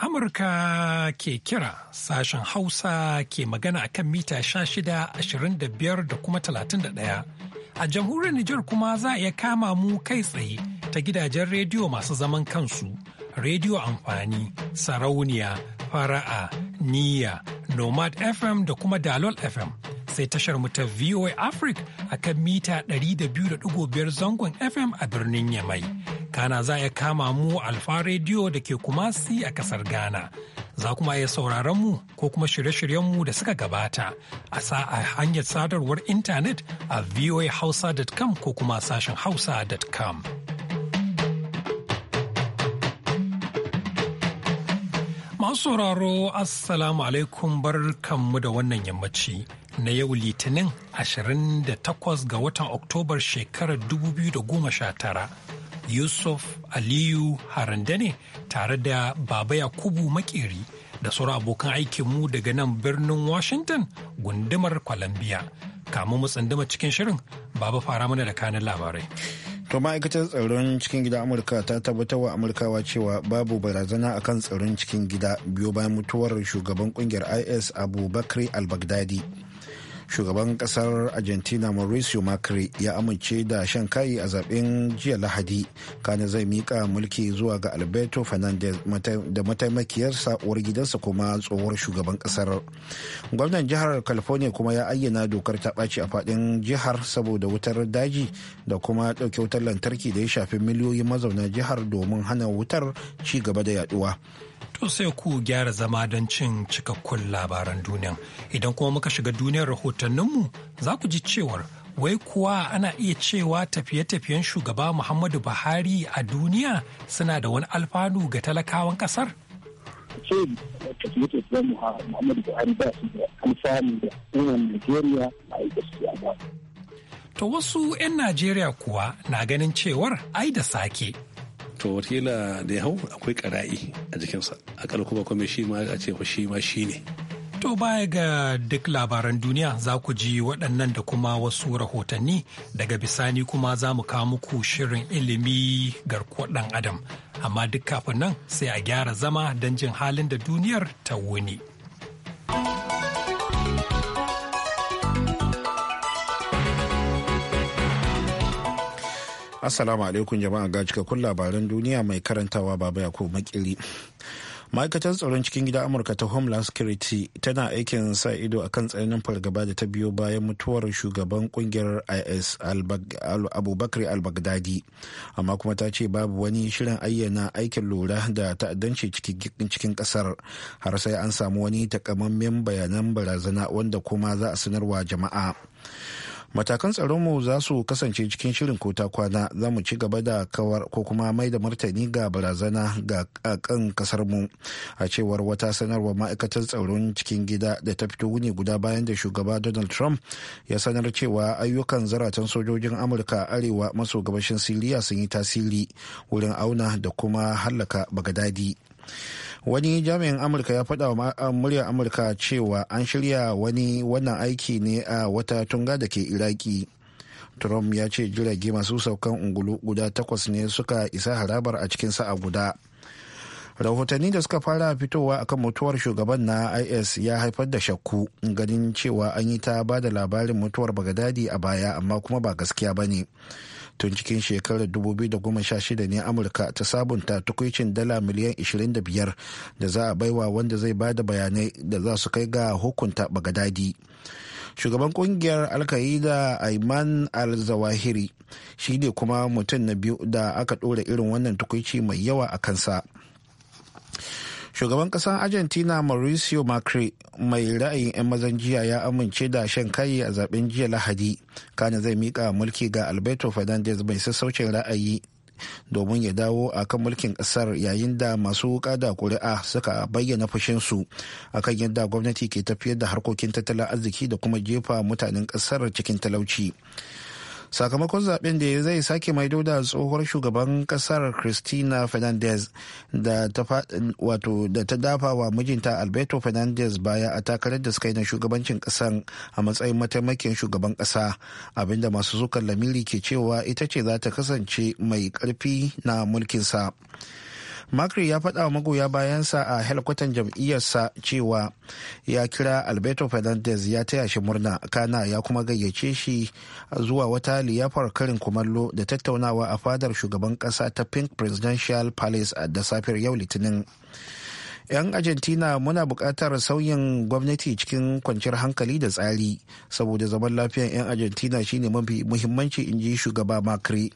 Amurka ke kira sashen Hausa ke magana a kan mita shida, ashirin da biyar da kuma talatin da ɗaya. A jamhuriyar Nijar kuma za a iya kama mu kai tsaye ta gidajen rediyo masu zaman kansu, rediyo amfani, sarauniya, fara'a, niyya, nomad FM da kuma dalol FM. Sai tashar mu ta VOA Africa kan mita 200.5 zangon FM a birnin Yamai. Kana za a kama mu Alfa rediyo da ke Kumasi a kasar Ghana. Za kuma iya sauraron mu ko kuma shirye-shiryenmu da suka gabata a sa a hanyar sadarwar intanet a voahausa.com ko kuma sashen hausa.com. Masu sauraro Assalamu alaikum bar kanmu da wannan yammaci na yau Litinin 28 ga watan Oktobar shekarar 2019. yusuf aliyu haranda ne tare da baba yakubu makeri da sauran abokan aikinmu daga nan birnin washington gundumar columbia kamun mu tsandama cikin shirin baba fara mana da kanin labarai to ma'aikatar tsaron cikin gida amurka ta tabbatar wa amurkawa cewa babu barazana akan tsaron cikin gida biyo bayan mutuwar shugaban kungiyar is abu bakri al-baghdadi shugaban kasar argentina mauricio macri ya amince da shan kayi a zaben jiya lahadi kana zai mika mulki zuwa ga alberto fernandez da mataimakiyarsa uwar gidansa kuma tsohuwar shugaban kasar gwamnan jihar california kuma ya ayyana dokar ta ɓaci a faɗin jihar saboda wutar daji da kuma ɗauke wutar lantarki da ya shafi miliyoyin mazauna jihar domin hana wutar ci gaba da yaduwa. To sai ku gyara zama don cin cikakkun labaran duniya. Idan kuma muka shiga duniyar rahotanninmu za ku ji cewar wai kuwa ana iya cewa tafiye-tafiyen shugaba Muhammadu Buhari a duniya suna da wani alfanu ga talakawan kasar? Ta To wasu 'yan Najeriya kuwa na ganin cewar ai da sake. to watakila da ya hau akwai kara'i a jikinsa akalla kuma kuma shi ma a ce shi ma shi ne To baya ga duk labaran duniya za ku ji waɗannan da kuma wasu rahotanni daga bisani kuma za mu kawo muku shirin ilimi garkuwar ɗan adam amma duk kafin nan sai a gyara zama don jin halin da duniyar ta wuni. Assalamu alaikum jama'a ga cikakkun labaran duniya mai karantawa baba ya ko makili. ma'aikatar tsaron cikin gida amurka ta homeland security tana aikin sa ido a kan tsananin fargaba da ta biyo bayan mutuwar shugaban kungiyar is abubakar al-baghdadi amma kuma ta ce babu wani shirin ayyana aikin lura da ta'addanci cikin kasar har sai an samu wani takamammen bayanan barazana wanda kuma za a sanarwa jama'a matakan tsaronmu za su kasance cikin shirin ko ta kwana za mu ci gaba da kawar ko kuma mai da martani ga barazana ga kan kasarmu a cewar wata sanarwar ma'aikatar tsaron cikin gida da ta fito wuni guda bayan da shugaba donald trump ya sanar cewa ayyukan zaratan sojojin amurka arewa maso gabashin siriya sun yi tasiri wurin auna da kuma hallaka bagadadi wani jami'in amurka ya faɗa wa muryar amurka cewa an shirya wani wannan aiki ne a wata tunga da ke iraki trump ya ce jirage masu saukan ungulu guda takwas ne suka isa harabar a cikin sa'a guda rahotanni da suka fara fitowa akan mutuwar shugaban na is ya haifar da shakku ganin cewa an yi ta ba da labarin mutuwar bagadadi a baya amma kuma ba gaskiya ba ne tun cikin shekarar 2016 ne amurka ta sabunta tukwicin dala miliyan 25 da za a baiwa wanda zai ba da bayanai da za su kai ga hukunta baga bagadadi shugaban kungiyar alkaida aiman al-zawahiri shi ne kuma mutum na biyu da aka ɗora irin wannan tukwici mai yawa a kansa shugaban ƙasar argentina mauricio macri mai ra'ayin 'yan mazan jiya ya amince da shan kayi a zaben jiya lahadi kana zai mika mulki ga alberto fernandez mai sassaucin ra'ayi domin ya dawo a kan mulkin kasar yayin da masu wuka da kuri'a suka bayyana fushinsu kan yadda gwamnati ke tafiyar da harkokin tattalin arziki da kuma jefa mutanen kasar cikin talauci sakamakon zaben da zai sake maido da tsohuwar shugaban kasar christina fernandez da ta dafa wa mijinta alberto fernandez baya a takarar da suka yi na shugabancin kasan a matsayin mataimakin shugaban kasa abinda masu zukar lamiri ke cewa ita ce za ta kasance mai karfi na mulkinsa. macri ya faɗa wa magoya bayansa a helikwatan jam'iyyarsa cewa ya kira alberto fernandez ya taya shi murna kana ya kuma gayyace shi zuwa wata liyafar karin kumallo da tattaunawa a fadar shugaban ƙasa ta pink presidential palace a da safiyar yau litinin 'yan argentina muna buƙatar sauyin gwamnati cikin kwanciyar hankali da tsari saboda zaman lafiyar 'yan argentina shine mafi muhimmanci in ji shugaba Macri.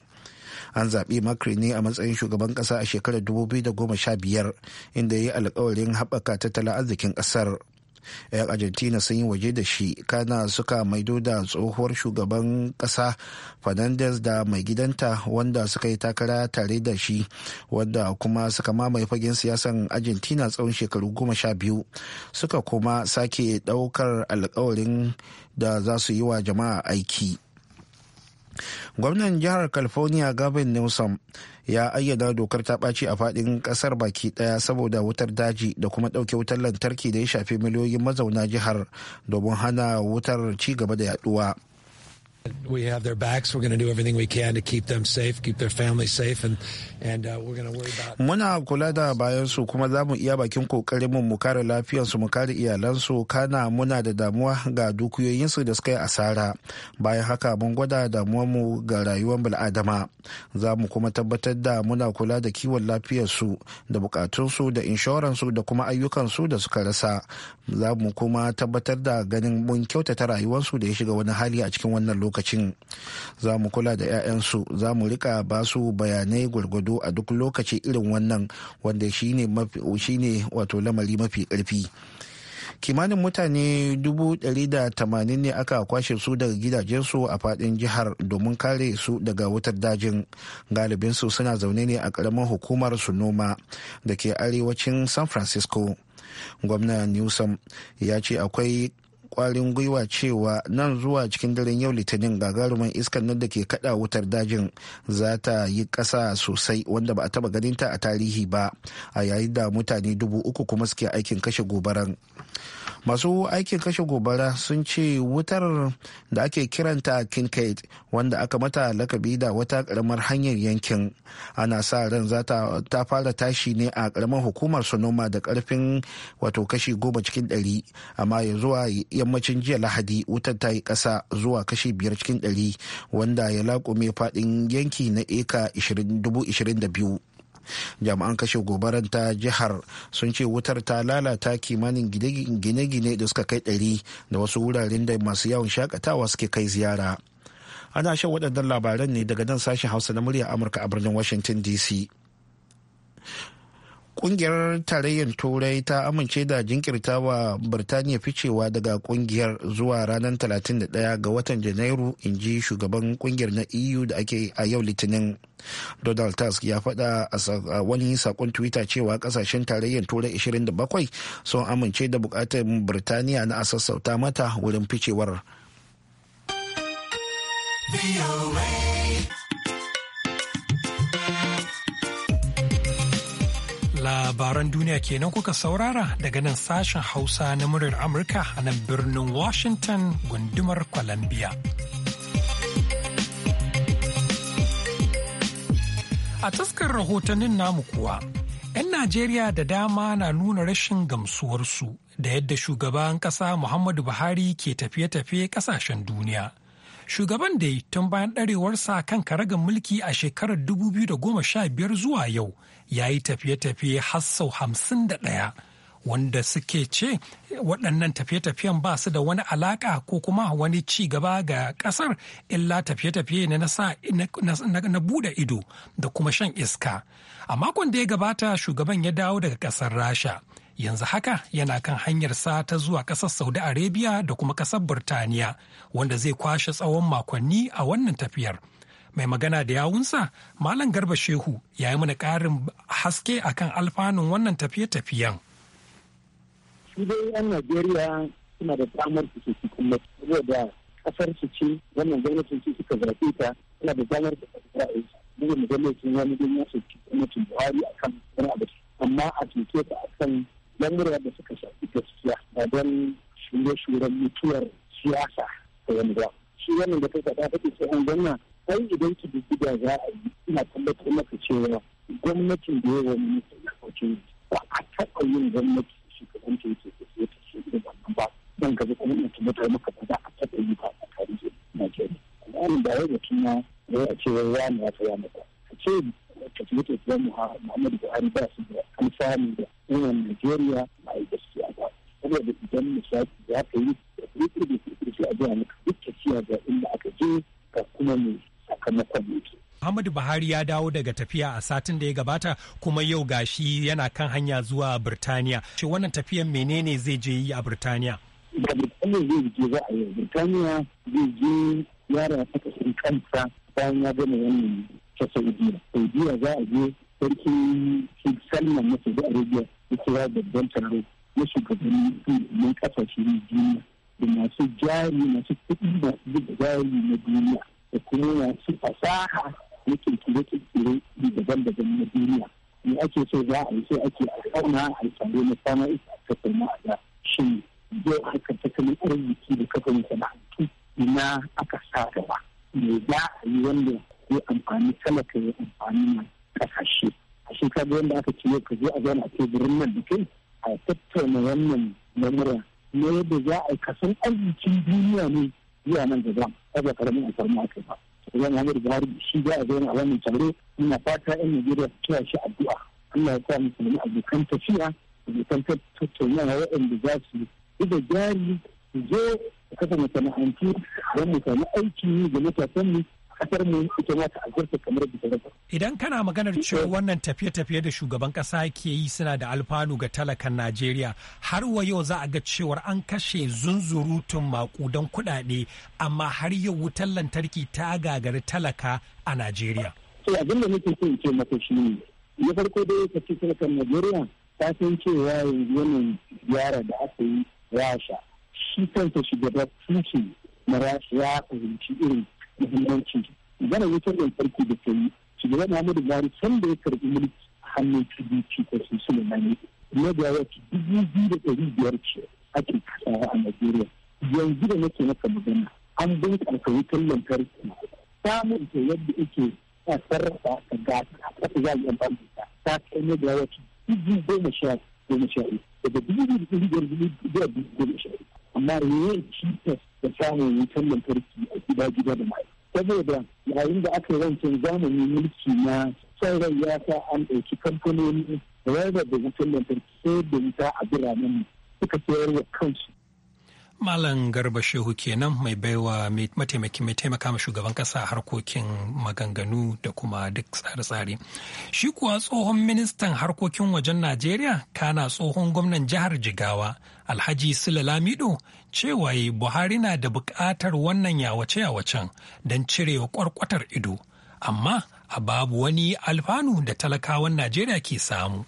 an zaɓi macri ne a matsayin shugaban ƙasa a shekarar 2015 inda ya yi alkawarin haɓaka tattalin arzikin ƙasar 'yan argentina sun yi waje da shi kana suka maido da tsohuwar shugaban ƙasa fernandez da mai gidanta wanda suka yi takara tare da shi wanda kuma suka mamaye fagen siyasan argentina tsawon shekaru goma sha biyu suka kuma sake ɗaukar alkawarin da za su yi wa jama'a aiki gwamnan jihar california gavin newsom ya ayyana dokar ta ɓaci a faɗin ƙasar baki ɗaya saboda wutar daji da kuma ɗauke wutar lantarki da ya shafi miliyoyin mazauna jihar domin hana wutar ci gaba da yaduwa Muna kula da bayansu kuma za mu iya bakin kokarin mu kare lafiyarsu mu kare iyalansu kana muna da damuwa ga dukiyoyinsu da suka yi asara. Bayan haka mun gwada mu ga rayuwar bil'adama. Za mu kuma tabbatar da muna kula da kiwon lafiyarsu da bukatunsu da inshoransu da kuma ayyukansu da suka rasa. Za mu kuma tabbatar da ganin mun kyautata rayuwarsu da ya shiga wani hali a cikin wannan lokaci. lokacin za mu kula da 'ya'yansu za mu rika ba su bayanai gwargwado a duk lokaci irin wannan wanda shi shine wato lamari mafi ƙarfi kimanin mutane 180 ne aka kwashe su daga gidajensu a fadin jihar domin kare su daga wutar dajin galibinsu suna zaune ne a ƙaramin hukumar noma da ke arewacin san francisco gwamna newsom ya ce akwai kwarin gwiwa cewa nan zuwa cikin daren yau litinin gagarumin iskar nan da ke kada wutar dajin za ta yi kasa sosai wanda ba a taba ganin ta a tarihi ba a yayin da mutane dubu uku kuma suke aikin kashe gobaran masu aikin kashe gobara sun ce wutar da ake kiranta kincaid wanda aka mata lakabi da wata karamar hanyar yankin ana sa ran za ta fara tashi ne a karamar hukumar sonoma da karfin wato kashi goma cikin dari amma ya zuwa yammacin jiya lahadi wutar ta yi kasa zuwa kashi biyar cikin dari wanda ya laƙume faɗin yanki na eka 22 jami'an kashe gobaran ta jihar sun ce wutar ta lalata kimanin gine-gine da suka kai ɗari da wasu wuraren da masu yawon shakatawa suke kai ziyara ana shan waɗannan labaran ne daga nan sashen hausa na murya amurka a birnin washington dc kungiyar tarayyar turai ta amince da jinkirta wa birtaniya ficewa daga kungiyar zuwa ranar 31 ga watan janairu in ji shugaban kungiyar na eu da ake a yau litinin donald tusk ya faɗa a wani sakon twitter cewa kasashen tarayyar turai 27 sun amince da bukatar birtaniya na a sassauta mata wurin ficewar. Labaran duniya kenan kuka saurara daga nan sashen Hausa na muryar Amurka a nan birnin Washington gundumar Columbia. A taskar rahotannin namu kuwa, 'yan Najeriya da dama na nuna rashin gamsuwarsu da yadda shugaban ƙasa Muhammadu Buhari ke tafiye-tafiye kasashen duniya. Shugaban da tun bayan ɗarewarsa kan karagan mulki a shekarar 2015 zuwa yau ya yi tafiye-tafiye har sau 51 wanda suke ce waɗannan tafiye-tafiyen ba su da wani alaƙa ko kuma wani ci gaba ga ƙasar illa tafiye-tafiye na na buɗe ido da kuma shan iska. A makon da ya gabata shugaban ya dawo daga ƙasar Rasha. yanzu haka yana kan hanyarsa ta zuwa ƙasar saudi arabia da kuma ƙasar burtaniya wanda zai kwashe tsawon makonni a wannan tafiyar mai magana da yawunsa malam garba shehu ya yi mana ƙarin haske akan alfanun wannan tafiye-tafiyen shi dai yan najeriya suna da damar su cikin mace kasar su ce wannan gwamnatin ce suka zarfe ta suna da damar da ra'ayi daga mu gwamnatin wani gwamnatin buhari akan wani abu amma a tuke ta akan lamura da suka shafi gaskiya ba don shure-shuren mutuwar siyasa da wani ba shi wannan da ta faɗa take sai an gwamna ai idan ki dubi da za a yi ina tabbatar maka cewa gwamnatin da yawa minista na kauce ba a taɓa yin gwamnati da yake tafiye ta shi irin wannan ba don gaba kuma ina tabbatar maka ba za a taɓa yi ba a tarihin Najeriya. Amma ba yau da tuna na ya ce wani ya tsaya maka. A ce tafiye-tafiyen Muhammadu Buhari ba su da alfanu da kowane Najeriya ba yi gaskiya ba. Saboda idan misali za ka yi da kirkir da a gaya maka duk tafiya ga inda aka je ka kuma mai sakamakon yake. Muhammadu Buhari ya dawo daga tafiya a satin da ya gabata kuma yau gashi yana kan hanya zuwa Birtaniya. ce wannan tafiyan menene zai je yi a Birtaniya? Da Birtaniya zai je za a yi. Birtaniya zai je yara ta kashin kansa bayan ya gama wannan ta saudiya saudiya za a je sarki shi salman na saudi arabia ya kira babban taro na shugabannin na kasashe na duniya da masu jari masu kuɗi masu zuba jari na duniya da kuma masu fasaha na kirkire-kirkire daban-daban na duniya me ake so za a yi sai ake alfauna a tsaro na kwana uku a kasa a da shin yau haka tattalin arziki da kafin sana'antu ina aka sa gaba me za a yi wanda yi amfani ka yi amfani na ƙasashe a shekaru wanda aka ce ka zo a zauna a teburin nan bikin a tattauna wannan lamura na yadda za a yi kasan arzikin duniya ne zuwa nan gaba a ba karamin alfarma aka ba idan Muhammadu Buhari shi za a zauna a wannan tare muna fata 'yan Najeriya su kira shi addu'a Allah ya sa musulmi abokan tafiya abokan tattaunawa waɗanda za su yi da jari su zo kafa masana'antu don mu samu aiki da matasanmu kasar mu ita ma azurta kamar da Idan kana maganar cewa wannan tafiye-tafiye da shugaban kasa ke yi suna da alfanu ga talakan Najeriya har wa yau za a ga cewar an kashe zunzurutun makudan kuɗaɗe amma har yau wutar lantarki ta gagari talaka a Najeriya. To abin da nake so in ce maka shi ne na farko dai ka ce talakan Najeriya ta san cewa yanzu wannan gyara da aka yi Rasha shi kansa shugaba Putin na Rasha ya fahimci irin muhimmanci zana wutar lantarki da ta yi shugaban muhammadu buhari da ya karbi mulki hannun pdp ko sun sulemani na da yawa dubu biyu da ɗari biyar ce ake kasawa a najeriya yanzu da nake maka magana an bunƙasa wutar lantarki samun ta yadda ake a sarrafa ta gasa a ƙasa za a yi amfani da ta kai na da yawa dubu goma sha goma sha daga dubu biyu da ɗari biyar dubu biyar dubu goma sha amma yawanci ta da samun wutar lantarki gida gida da mai saboda yayin da aka rancen zamani mulki na san rai ya sa an ɗauki kamfanoni rarraba da wutar lantarki sai da wuta a biranen suka sayar da kansu. Malam Garba Shehu kenan mai baiwa mataimakin mai taimaka ma shugaban kasa harkokin maganganu da kuma duk tsare-tsare. Shi kuwa tsohon ministan harkokin wajen Najeriya kana tsohon gwamnan jihar Jigawa Alhaji Sula Lamido cewa Buhari na da bukatar wannan yawace-yawacen don cirewa kwarkwatar ido, amma a babu wani alfanu da talakawan Najeriya ke samu.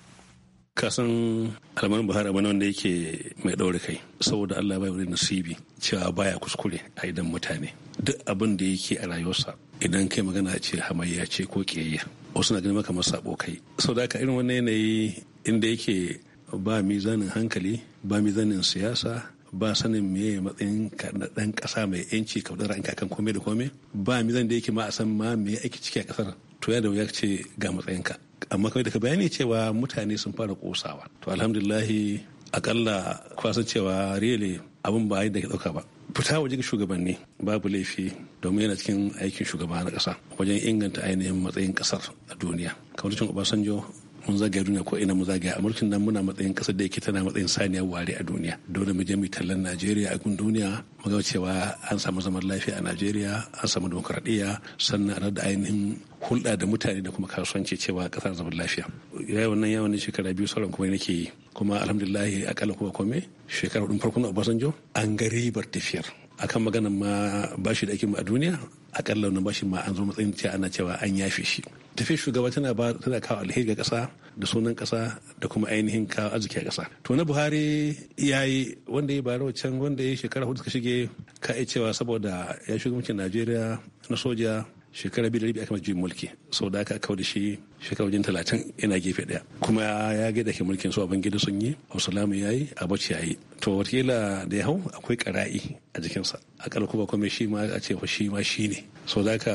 kasan alamar buhari abu wanda yake mai ɗaure kai saboda allah bai wani nasibi cewa baya kuskure a idan mutane duk abin da yake a rayuwarsa idan kai magana ce hamayya ce ko kiyayya wasu na ganin maka sabo kai saboda haka irin wani yanayi inda yake ba mizanin hankali ba mizanin siyasa ba sanin meye matsayin ɗan ƙasa mai yanci ka faɗi a kan komai da komai ba mizanin da yake ma a san ma me ake ciki a ƙasar to ya da wuya ce ga matsayinka amma kawai daga bayani cewa mutane sun fara kosawa to alhamdulillahi akalla kwasan cewa rele abin ba yadda ke dauka ba fita waje shugabanni babu laifi domin yana cikin aikin shugaba na kasa wajen inganta ainihin matsayin kasar a duniya kamar cikin obasanjo mun zagaya duniya ko ina mu zagaya mulkin nan muna matsayin kasa da yake tana matsayin saniya ware a duniya dole mu je mu tallan najeriya a gun duniya mu ga cewa an samu zaman lafiya a najeriya an samu demokradiyya sannan a da ainihin hulɗa da mutane da kuma kasuwanci cewa ƙasar zaman lafiya yawan wannan yawan shekara biyu sauran kuma nake yi kuma alhamdulillah akalla kuma kome shekara hudun farkon obasanjo an ga ribar tafiyar akan maganan ma bashi da ake a duniya akalla wannan bashi ma an zo matsayin cewa ana cewa an yafe shi tafi shugaba tana ba tana kawo alheri ga kasa da sunan kasa da kuma ainihin kawo arziki a kasa to na buhari ya yi wanda ya bara wancan wanda ya shekara hudu suka shige ka cewa saboda ya shugabancin najeriya na soja shekara biyu da rabi aka masu mulki sau da aka kawo da shi shekaru wajen talatin yana gefe daya kuma ya ga ke mulkin su abin gida sun yi hausulamu ya yi abaci ya yi to kila da ya hau akwai kara'i a jikinsa akalla kuma kuma shi ma a ce shi ma shi ne so za ka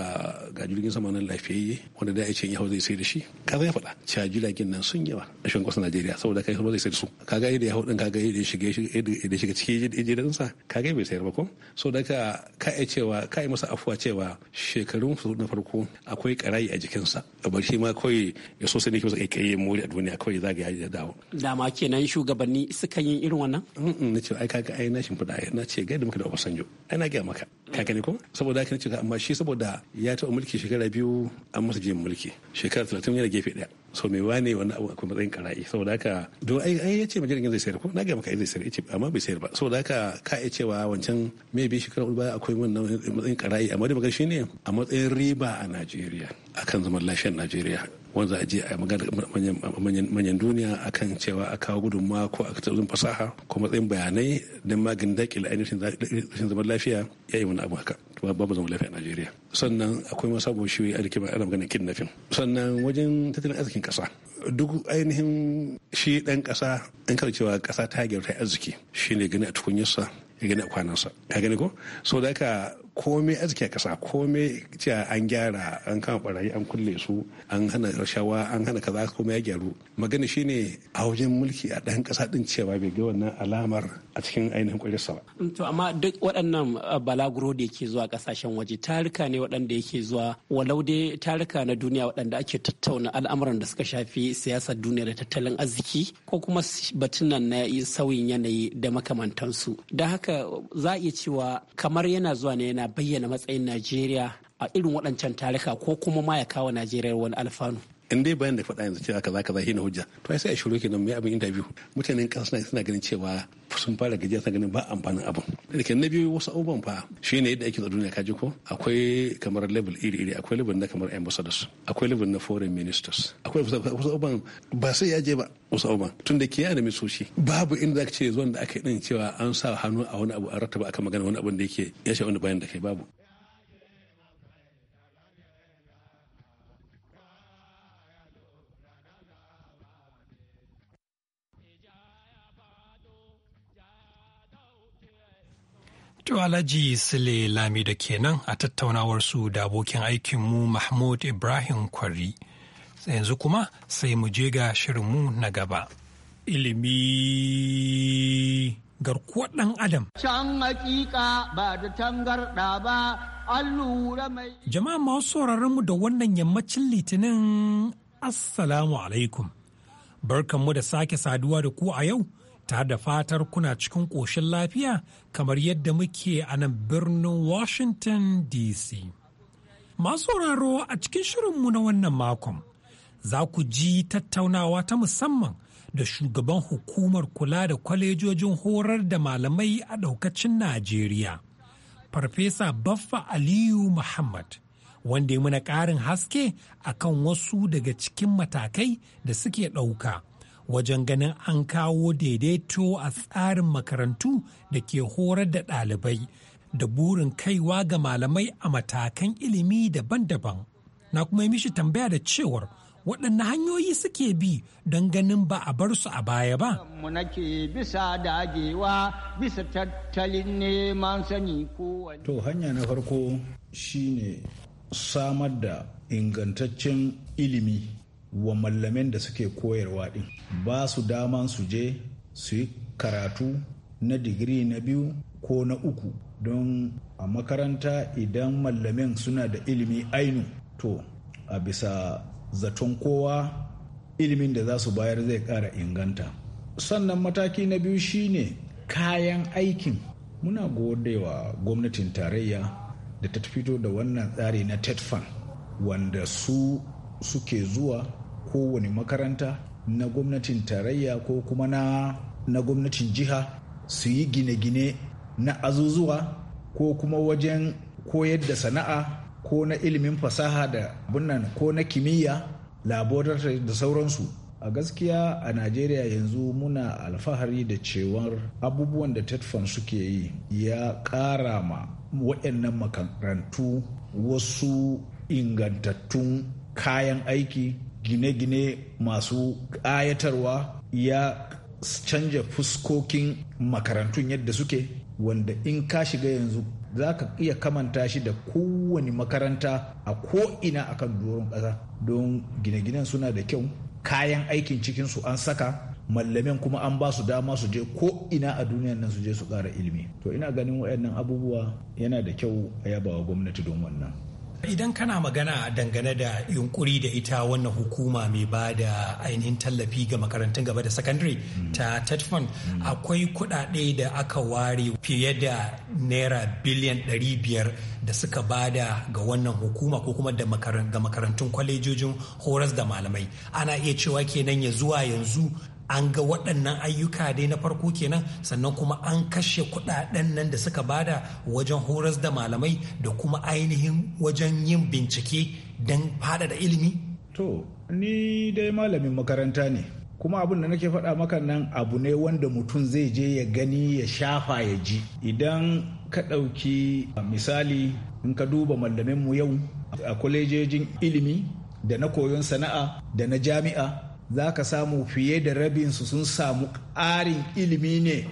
ga jirgin sama nan lafiyayye wanda da ya ce yahoo zai sai da shi ka ya faɗa cewa jiragen nan sun yawa a shan kwasa najeriya saboda kai kuma zai sai da su ka ga yadda yahoo ɗin ka ga yadda ya shiga yadda shiga cikin ka ga bai sayar ba ko so da ka ka yi cewa ka yi masa afuwa cewa shekarun su na farko akwai karayi a jikinsa bar shi ma kawai kawai ya so sai ne kawai eh, kai mori a duniya kawai za ga ya dawo dama kenan shugabanni suka yin irin wannan na ce ai kaga ai na fada ai na ce gaida muka da Obasanjo ai na gaya maka ka gani ko saboda haka ce amma shi saboda ya taɓa mulki shekara biyu an masa jiyan mulki shekara talatin yana gefe ɗaya so me wane wannan abu akwai matsayin kara'i saboda haka don ai ai ma jirgin zai sayar ko na gaya maka zai sayar ce amma bai sayar ba saboda haka ka iya cewa wancan me bi shekara uku baya akwai wannan matsayin kara'i amma da magana shine a matsayin riba a Najeriya akan zaman lafiyar najeriya wanda a je a magana manyan duniya akan cewa a kawo gudunmawa ko a kacin fasaha ko matsayin bayanai don maganin daƙila ainihin zaman lafiya ya yi wani abu haka to babu zaman lafiya a najeriya sannan akwai masu abu shi a rikima ana magana kidnafin sannan wajen tattalin arzikin ƙasa duk ainihin shi ɗan ƙasa ɗan kar cewa ƙasa ta gyara ta arziki shine gani a tukunyarsa ya gani a kwanansa ka gani ko so da komai arziki a ƙasa komai cewa an gyara an kama barayi an kulle su an hana rashawa an hana kaza komai ya gyaru magana shine a wajen mulki a ɗan ƙasa ɗin cewa bai ga wannan alamar a cikin ainihin ƙwarirsa ba. Mm, to amma duk waɗannan uh, balaguro da yake zuwa kasashen waje tarika ne waɗanda yake zuwa walau dai tarika na duniya waɗanda ake tattauna al'amuran da suka shafi siyasar duniya da tattalin arziki ko kuma batunan na sauyin yanayi da makamantansu. Da haka za a iya cewa kamar yana zuwa ne yana bayyana matsayin Najeriya a irin waɗancan tarika ko kuma ma ya kawo Najeriya wani alfanu. in dai bayan da faɗa yanzu cewa kaza kaza shi na hujja to ai sai a shiru kenan mai abin interview mutanen kan suna suna ganin cewa sun fara gajiya suna ganin ba amfanin abin da na biyu wasu abubuwan fa shi ne yadda ake duniya kaji ko akwai kamar level iri iri akwai level na kamar ambassadors akwai level na foreign ministers akwai wasu abubuwan ba sai ya je ba wasu abubuwan tun da ke yana misoshi babu inda zaka ce zuwan da aka yi din cewa an sa hannu a wani abu an rattaba aka magana wani abin da yake ya sha wani bayan da kai babu To Alhaji Sule Lamido kenan a tattaunawar su da abokin aikinmu Mahmud Ibrahim Kwari. Yanzu kuma sai mu je ga shirinmu na gaba. Ilimi garkuwar ɗan Adam. Can hakika ba da tangarɗa ba, allura mai. Jama'a masu sauraronmu da wannan yammacin litinin Assalamu alaikum. Barkanmu da sake saduwa da ku a yau. ta da fatar kuna cikin ƙoshin lafiya kamar yadda muke a nan birnin Washington DC. Masu sauraro a cikin shirinmu na wannan makon, za ku ji tattaunawa ta musamman da shugaban hukumar kula da kwalejojin horar da malamai a ɗaukacin Najeriya. Farfesa Baffa Aliyu Muhammad. wanda ya muna ƙarin haske a kan wasu daga cikin matakai da suke ɗauka wajen ganin an kawo daidaito a tsarin makarantu da ke horar da ɗalibai da burin kaiwa ga malamai a matakan ilimi daban-daban. Na kuma yi mishi tambaya da cewar waɗanne hanyoyi suke bi don ganin ba a bar su a baya ba. nake bisa dagewa bisa tattalin neman sani kowane. To hanya na farko shine samar da ingantaccen ilimi wa mallamin da suke koyarwa ɗin ba su daman su je su yi karatu na digiri na biyu ko na uku don a makaranta idan mallamin suna da ilimi ainu to a bisa zaton kowa ilimin da za su bayar zai ƙara inganta sannan mataki na biyu shine kayan aikin muna godewa gwamnatin tarayya da ta fito da wannan tsari na tetfan wanda su suke zuwa kowane makaranta na gwamnatin tarayya ko kuma na, na gwamnatin jiha su yi gine-gine na azuzuwa ko kuma wajen koyar da sana'a ko na ilimin fasaha da nan ko na kimiyya laboratory da sauransu a gaskiya a najeriya yanzu muna alfahari da cewar abubuwan da tetfan suke yi ya ƙara ma waɗannan makarantu wasu ingantattun kayan aiki gine-gine masu ƙayatarwa ya canja fuskokin makarantun yadda suke wanda in ka shiga yanzu za ka iya kamanta shi da kowane makaranta a ko'ina a kan doron ƙasa don gine-ginen suna da kyau kayan aikin cikin su an saka mallamin kuma an ba su dama su je ko ina a duniyan nan su je su ƙara ilimi to ina ganin waɗannan abubuwa yana da kyau a yabawa gwamnati don wannan Idan kana magana dangane da yunkuri da ita wannan hukuma mai ba da ainihin tallafi ga makarantun gaba da sakandare ta Tetfund akwai kudade da aka ware fiye da naira biliyan 500 da suka bada ga wannan hukuma ko kuma da makarantun kwalejojin horas da malamai. Ana iya cewa kenan ya zuwa yanzu an ga waɗannan ayyuka dai na farko kenan sannan kuma an kashe kuɗaɗen nan da suka bada wajen horas da malamai da kuma ainihin wajen yin bincike don faɗaɗa ilimi? To, ni dai malamin makaranta ne. kuma abin da nake faɗa maka nan abu ne wanda mutum zai je ya gani ya shafa ya ji idan ka ɗauki misali in ka duba mu yau a kwalejejin ilimi da na koyon sana'a da na jami'a za ka samu fiye da rabinsu sun samu ƙarin ilimi ne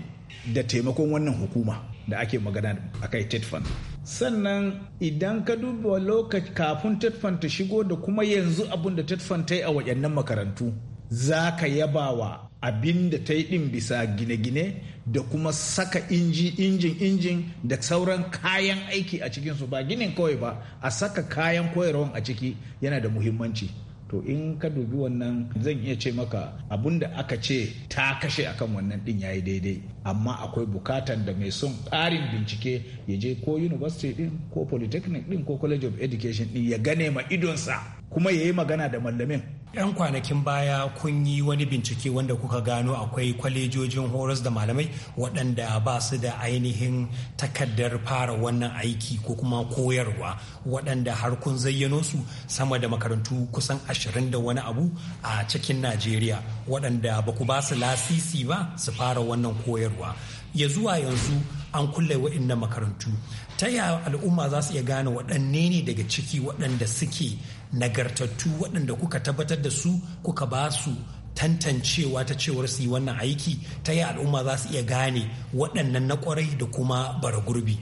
da taimakon wannan hukuma da ake magana a kai tetfan sannan idan ka duba lokaci kafin tetfan ta shigo da kuma yanzu abin da tetfan ta yi a waɗannan makarantu za ka yabawa abin da ta yi ɗin bisa gine-gine da kuma saka inji injin injin da sauran kayan aiki a cikinsu ba ginin kawai ba a saka kayan koyarwan a ciki yana da muhimmanci to in ka dubi wannan zan iya ce maka abun da aka ce ta kashe akan wannan din yayi daidai amma akwai bukatan da mai son ƙarin bincike ya je ko university din ko polytechnic din ko college of education din ya gane ma idonsa kuma ya yi magana da mallamin 'Yan kwanakin baya kun yi wani bincike wanda kuka gano akwai kwalejojin horas da malamai waɗanda ba su da ainihin takardar fara wannan aiki ko kuma koyarwa waɗanda har kun zayyano su sama da makarantu kusan ashirin da wani abu a cikin Najeriya waɗanda ba ku ba su lasisi ba su fara wannan koyarwa. Ya zuwa yanzu an kulle waɗannan makarantu. Ta yaya al'umma za su iya gane waɗanne ne daga ciki waɗanda suke nagartattu waɗanda kuka tabbatar da su kuka ba su tantancewa ta cewar su yi wannan aiki ta yi al'umma za su iya gane waɗannan na kwarai da kuma bara gurbi.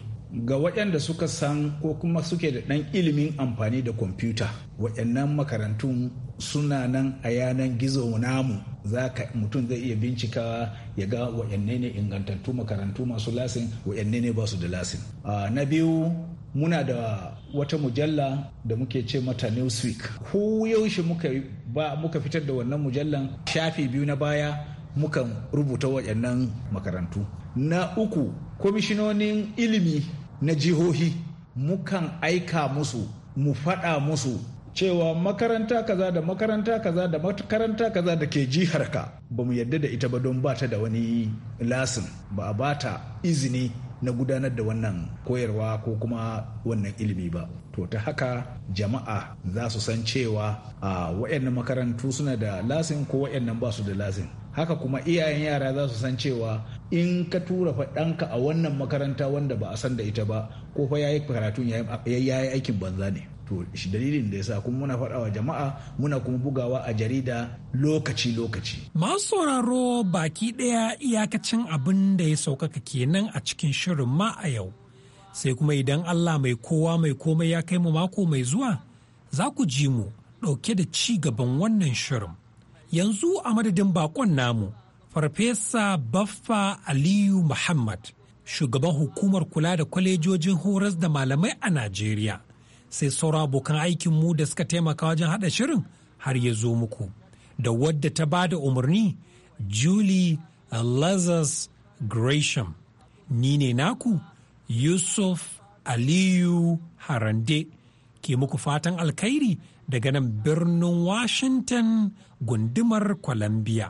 ga waɗanda suka san ko kuma suke da ɗan ilimin amfani da kwamfuta waɗannan makarantun suna nan a yanan gizo namu za ka mutum zai iya bincikawa ya ga waɗanne ne ingantattu makarantu masu lasin waɗanne ne ba su da lasin ah, na biyu muna da wata mujalla da muke ce mata newsweek ko yaushe muka, ba, muka fitar da wannan mujallan shafi biyu na baya mukan rubuta waɗannan makarantu na uku kwamishinonin ilimi na jihohi mukan aika musu mu faɗa musu cewa makaranta kaza da makaranta kaza da makaranta kaza da ke jiharka ka ba mu yadda da ita ba don ba ta da wani lasin ba a ba ta izini na gudanar da wannan koyarwa ko kuma wannan ilimi ba to ta haka jama'a za su san cewa a wa'annan makarantu suna da lasin ko wa'annan ba su da lasin haka kuma iyayen yara za su san cewa in ka tura faɗanka a wannan makaranta wanda ba a san da ita ba ko fa yayi karatun yayi aikin banza ne to shi dalilin da yasa kuma muna faɗa wa jama'a muna kuma bugawa a jarida lokaci lokaci masu sauraro baki ɗaya iyakacin abin da ya saukaka kenan a cikin shirin ma a yau sai kuma idan Allah mai kowa mai komai ya kai mu mako mai zuwa za ku ji mu ɗauke da ci gaban wannan shirin. Yanzu a madadin bakon namu, Farfesa Baffa Aliyu Muhammad, shugaban hukumar kula da kwalejojin horas da malamai a Najeriya, sai saura abokan mu da suka taimaka wajen haɗa shirin har ya zo muku da wadda ta ba da umarni julie lazarus gresham ni ne naku yusuf aliyu harande ke muku fatan alkhairi daga nan birnin washington gundumar columbia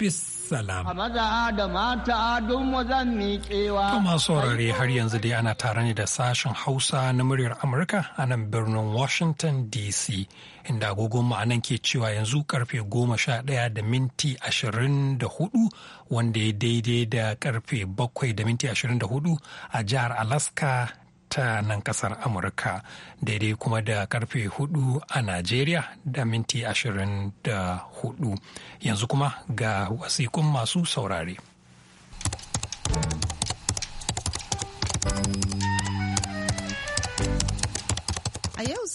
Bissalam. A maza da mata don wajen miƙewa. Kuma saurare har yanzu dai ana tare ne da sashen Hausa na muryar Amurka a nan birnin Washington DC. Inda agogon ma'anan ke cewa yanzu karfe goma sha ɗaya da minti ashirin da hudu wanda ya daidai da karfe bakwai da minti ashirin da hudu a jihar Alaska ta nan kasar amurka daidai kuma da karfe hudu a nigeria da minti ashirin da hudu yanzu kuma ga wasikun masu saurare.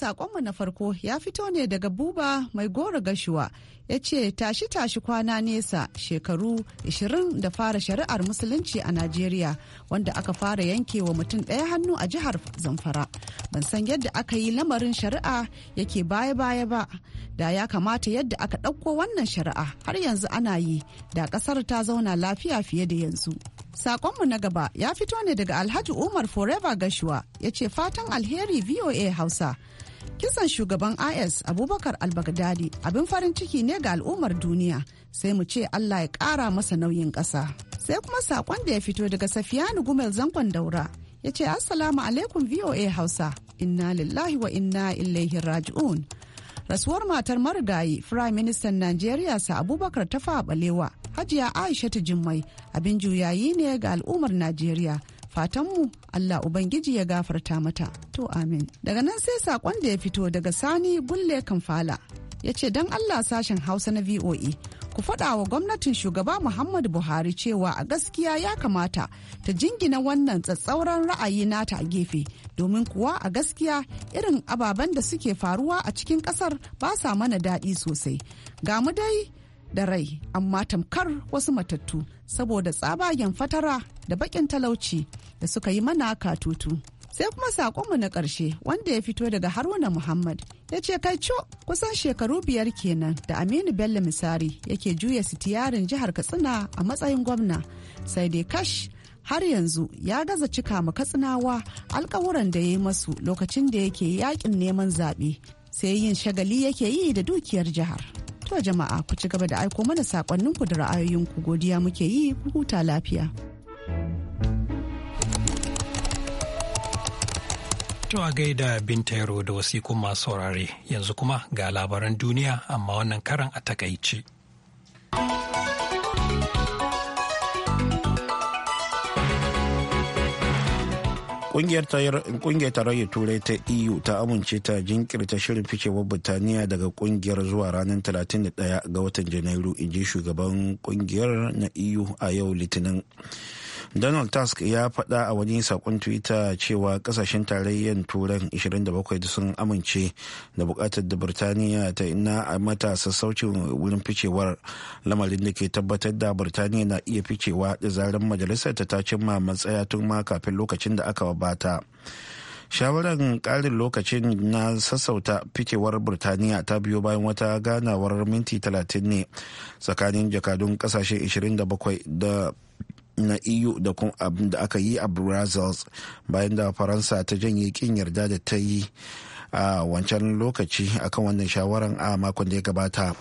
saƙonmu na farko ya fito ne daga buba mai goro gashuwa ya ce tashi tashi kwana nesa shekaru 20 da fara shari'ar musulunci a najeriya wanda aka fara yanke wa mutum ɗaya hannu a jihar zamfara ban san yadda aka yi lamarin shari'a yake baya baya ba da ya kamata yadda aka ɗauko wannan shari'a har yanzu ana yi da ƙasar ta zauna lafiya fiye da yanzu Sakonmu na gaba ya fito ne daga Alhaji Umar Forever Gashuwa ya ce fatan alheri VOA Hausa. Kisan shugaban IS Abubakar al-Baghdadi abin farin ciki ne ga al'ummar duniya sai mu ce Allah ya kara masa nauyin ƙasa. Sai kuma saƙon da ya fito daga Safiyanu Gumel zangon daura ya ce Assalamu alaikum VOA Hausa inna lillahi wa inna ilaihi raji'un. Rasuwar matar marigayi Prime Minister Najeriya sa Abubakar ta Balewa Hajiya Aisha Jummai abin juyayi ne ga al'ummar Najeriya. fatanmu Allah Ubangiji ya gafarta mata to amin daga nan sai sakon da ya fito daga sani bulle kamfala ya ce don Allah sashen hausa na voe ku faɗa wa gwamnatin shugaba Muhammadu Buhari cewa a gaskiya ya kamata ta jingina wannan tsatsauran ra'ayi nata a gefe domin kuwa a gaskiya irin ababen da suke faruwa a cikin ƙasar ba sa mana daɗi sosai. Ga mu dai da rai amma tamkar wasu matattu saboda tsabagen fatara da bakin talauci da suka yi mana katutu. sai kuma saƙonmu na ƙarshe wanda ya fito daga haruna muhammad ya ce kai co kusan shekaru biyar kenan da aminu bello misari yake juya sitiyarin jihar katsina a matsayin gwamna sai dai kash har yanzu ya gaza cika ma katsinawa alkawuran da ya yi masu lokacin da yake yakin neman zaɓe sai yin shagali yake yi da dukiyar jihar To jama'a ku ci gaba da aiko mana sakonninku da ra'ayoyinku godiya muke yi ku huta lafiya. To a gaida Binta Yaro da wasiku masu saurare yanzu kuma ga labaran duniya amma wannan karan a takaici. Kungiyar tarayyar turai ta EU ta amince ta jinkirta shirin ficewar Birtaniya daga kungiyar zuwa ranar 31 ga watan Janairu, je shugaban kungiyar na EU a yau Litinin. donald tusk ya faɗa a wani sakon twitter cewa kasashen tarayyar turan 27 sun amince da bukatar da birtaniya ta ina a mata sassaucin wurin ficewar lamarin da ke tabbatar da birtaniya na iya ficewa da zarar majalisar ta ta cimma matsaya tun ma kafin lokacin da aka bata shawarar karin lokacin na sassauta ficewar birtaniya ta biyo bayan wata ganawar minti 30 ne tsakanin jakadun kasashe 27 da na eu da kuma abin da aka yi a brussels bayan da faransa ta janye kin yarda da ta yi a wancan lokaci akan wannan shawaran a makon da ya gabata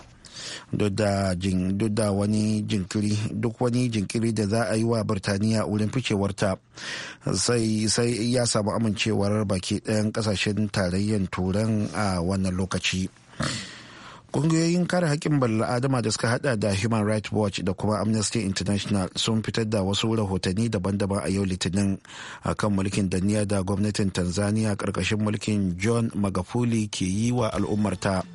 duk da wani jinkiri duk wani jinkiri da za a yi wa birtaniya wurin ficewarta sai ya samu amincewar baki ɗayan ƙasashen tarayyar turan a wannan lokaci. kungiyoyin kare haƙƙin adama da suka hada da human rights watch da kuma amnesty international sun fitar da wasu rahotanni daban-daban a yau litinin a kan mulkin Daniya da gwamnatin tanzania ƙarƙashin mulkin john magafuli ke yi wa al'ummarta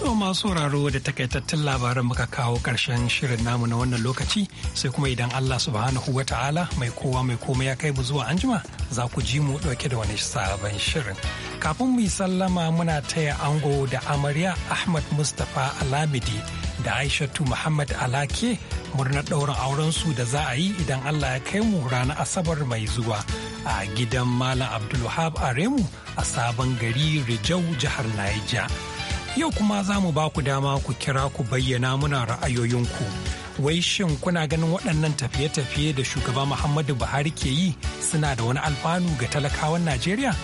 To masu sauraro da takaitattun labaran muka kawo ƙarshen shirin namu na wannan lokaci sai kuma idan Allah subhanahu wa ta'ala mai kowa mai komai ya kai mu zuwa anjima za ku ji mu ɗauke da wani sabon shirin. Kafin mu yi sallama muna taya ango da amarya Ahmad Mustapha Alamidi da Aishatu Muhammad Alake murnar ɗaurin su da za a yi idan Allah ya kai mu ranar Asabar mai zuwa a gidan Malam Abdulwahab Aremu a sabon gari Rijau jihar Niger. Yau kuma za mu ba ku dama ku kira ku bayyana muna ra'ayoyinku. Wai shin kuna ganin waɗannan tafiye-tafiye da shugaba Muhammadu Buhari ke yi suna da wani alfanu ga talakawan Najeriya?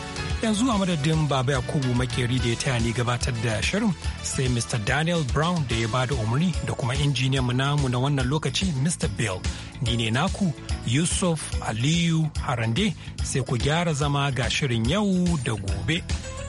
Yanzu a madadin Baba Yakubu Makeri da ya taya ni gabatar da shirin sai Mr. Daniel Brown da ya bada umarni da kuma injiniyan mu namu na wannan lokaci Mr. Bill. Ni ne naku Yusuf Aliyu Harande sai ku gyara zama ga shirin yau da gobe.